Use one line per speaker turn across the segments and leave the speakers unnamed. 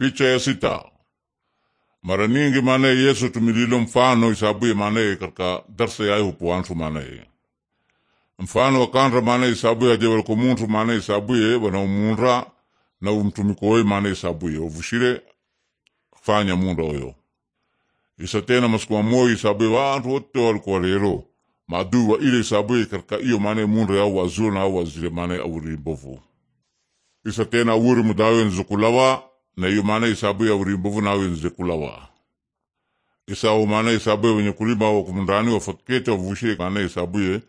Picha ya sita. Mara nyingi mane Yesu tumililo mfano isabuye manaye katika darsa yaye hupuwantu manaye. Mfano wakanra manaye isabuye ajewaleko muntu manaye isabuye wanaumunra na mane manaye isabuye ovushire fanya munda oyo. isatena tena masikuwa moyo isabuye wantu wote walikuwa lero maadui wa ile isabuye katika iyo mane munra yao wazuri na au wazire manaye awuri mbovu. isatena awuri mudawe nzukulawa na hiyo maana isabu ya urimbuvu nawe nze kulawa isao maana isabu ya wenye kulima wakumundani wafakete wavushire maana isabuye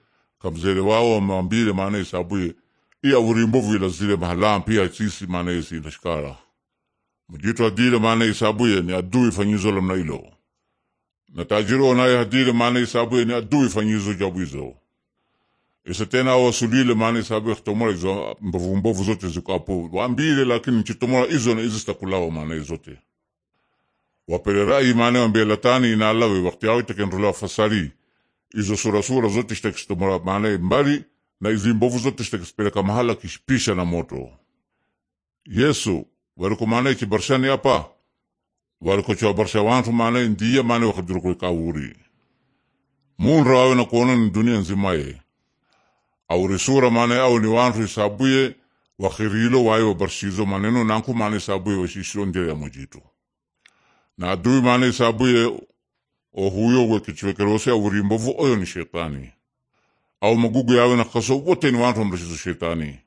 kamzere wao mambile maana isabuye iya urimbuvu ila zile mahalampi pia sisi maana isi ilashikara mjitu adile maana isabuye ni adui fanyizo la mnailo na tajiri wanaye hadile maana isabuye ni adui fanyizo jabwizo Ese tena wasuluile maana sababu kutomora hizo mbovu mbovu zote ziko hapo. lakini nchitomora hizo na hizo zitakulawa maana zote. Wapererai maana waambie latani inaalawe wakati yao itakendolewa fasari. Hizo sura zote zitakitomora maana mbali na hizo mbovu zote zitakipeleka mahala kishipisha na moto. Yesu waliko maana kibarshani hapa. Waliko cha barsha wantu maana ndiye maana wakadurukwe kawuri Munro awe na kuona ni dunia nzimaye au risura mane au ni wantu isabuye wakhirilo waye wabarsizo maneno nanku mane isabuye washisilo ndire ya mujitu na adui mane isabuye ohuyo wekichwekerose au rimbovu oyo ni shetani au magugu yawe na kaso wote ni wantu wamrisizo shetani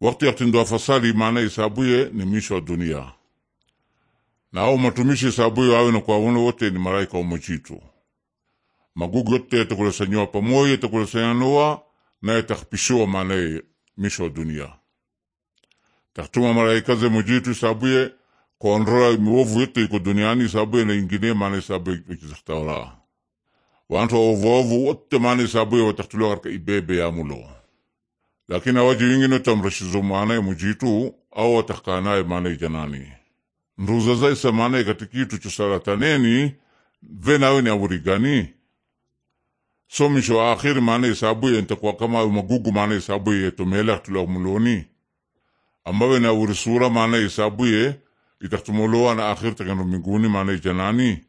wakti yaktindo afasali mane isabuye ni misho wa dunia na au matumishi isabuye wawe na kwawono wote ni maraika wa mujitu magugu yote yatakulesanyiwa pamoja yatakulesanyiwa naye takpishiwa maanaye misho wa dunia takatuma malaika ze mujitu isabuye kuondoa miovu yote iko duniani isabuye na ingine maana isabuye ikizaktaola wantu waovuovu wote maana isabuye wataktuliwa katika ibebe ya mulo lakini awaji wingine tamreshizo maanaye mujitu au watakanaye maanaye janani nduza isa maanaye katikitu chosarataneni venawe ni aburigani so misho akhir mana hesabu ntakuwa kama magugu maana hesabu yetomela tulakumuloni ambawe na urisura maana hesabu ye itaktumolowa na akhir takendo minguni mana ijanani